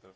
pero